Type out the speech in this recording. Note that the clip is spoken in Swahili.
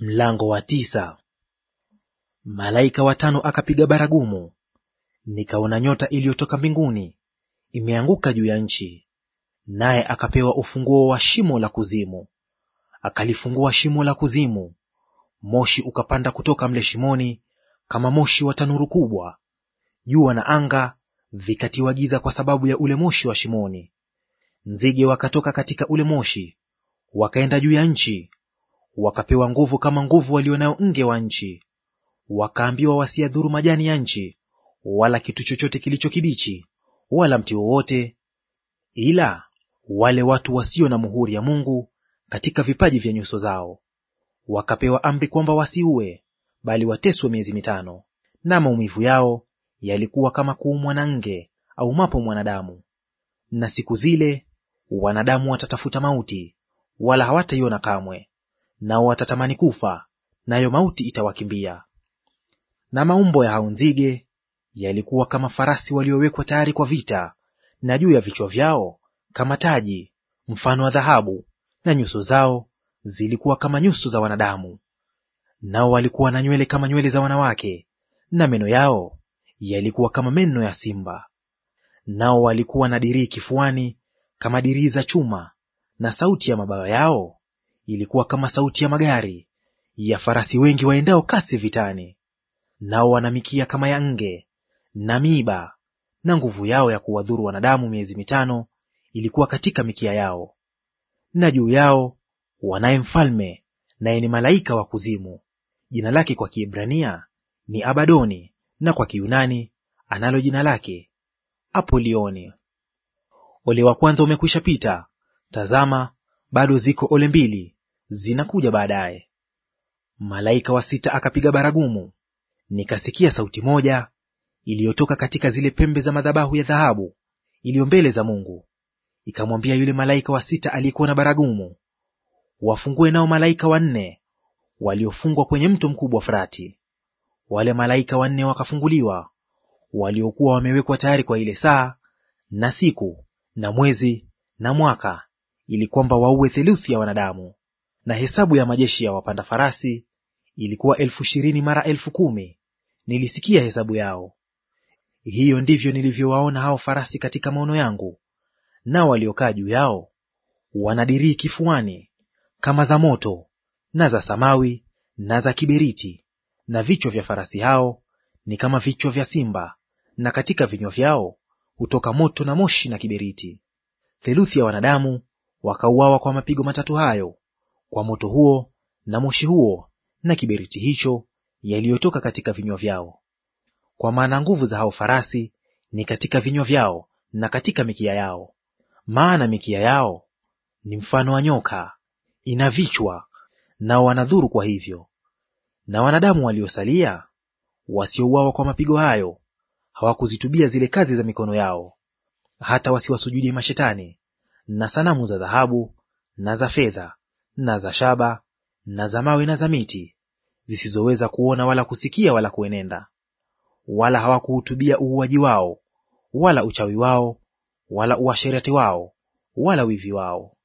Mlango wa tisa. Malaika watano akapiga baragumu, nikaona nyota iliyotoka mbinguni imeanguka juu ya nchi, naye akapewa ufunguo wa shimo la kuzimu. Akalifungua shimo la kuzimu, moshi ukapanda kutoka mle shimoni kama moshi wa tanuru kubwa. Jua na anga vikatiwa giza kwa sababu ya ule moshi wa shimoni. Nzige wakatoka katika ule moshi, wakaenda juu ya nchi wakapewa nguvu kama nguvu walionayo nge wa nchi, wakaambiwa wasiadhuru majani ya nchi, wala kitu chochote kilicho kibichi, wala mti wowote, ila wale watu wasio na muhuri ya Mungu katika vipaji vya nyuso zao. Wakapewa amri kwamba wasiue, bali wateswe miezi mitano. Na maumivu yao yalikuwa kama kuumwa na nge au mapo mwanadamu. Na siku zile wanadamu watatafuta mauti, wala hawataiona kamwe, nao watatamani kufa, nayo mauti itawakimbia. Na maumbo ya hao nzige yalikuwa kama farasi waliowekwa tayari kwa vita, na juu ya vichwa vyao kama taji mfano wa dhahabu, na nyuso zao zilikuwa kama nyuso za wanadamu. Nao walikuwa na nywele kama nywele za wanawake, na meno yao yalikuwa kama meno ya simba. Nao walikuwa na dirii kifuani kama dirii za chuma, na sauti ya mabawa yao ilikuwa kama sauti ya magari ya farasi wengi waendao kasi vitani, nao wanamikia kama ya nge na miiba, na nguvu yao ya kuwadhuru wanadamu miezi mitano ilikuwa katika mikia yao. Na juu yao wanaye mfalme, naye ni malaika wa kuzimu; jina lake kwa Kiebrania ni Abadoni, na kwa Kiyunani analo jina lake Apolioni. Ole wa kwanza umekwisha pita; tazama, bado ziko ole mbili zinakuja baadaye. Malaika wa sita akapiga baragumu, nikasikia sauti moja iliyotoka katika zile pembe za madhabahu ya dhahabu iliyo mbele za Mungu, ikamwambia yule malaika wa sita aliyekuwa na baragumu, wafungue nao malaika wanne waliofungwa kwenye mto mkubwa Frati. Wale malaika wanne wakafunguliwa, waliokuwa wamewekwa tayari kwa ile saa na siku na mwezi na mwaka, ili kwamba waue theluthi ya wanadamu na hesabu ya majeshi ya wapanda farasi ilikuwa elfu ishirini mara elfu kumi nilisikia hesabu yao. Hiyo ndivyo nilivyowaona hao farasi katika maono yangu, nao waliokaa juu yao wanadirii kifuani kama za moto na za samawi na za kiberiti, na vichwa vya farasi hao ni kama vichwa vya simba, na katika vinywa vyao hutoka moto na moshi na kiberiti. Theluthi ya wanadamu wakauawa kwa mapigo matatu hayo, kwa moto huo na moshi huo na kiberiti hicho yaliyotoka katika vinywa vyao. Kwa maana nguvu za hao farasi ni katika vinywa vyao na katika mikia yao, maana mikia yao ni mfano wa nyoka, ina vichwa, nao wanadhuru kwa hivyo. Na wanadamu waliosalia wasiouawa kwa mapigo hayo hawakuzitubia zile kazi za mikono yao, hata wasiwasujudie mashetani na sanamu za dhahabu na za fedha na za shaba na za mawe na za miti, zisizoweza kuona wala kusikia wala kuenenda. Wala hawakuhutubia uuaji wao wala uchawi wao wala uasherati wao wala wivi wao.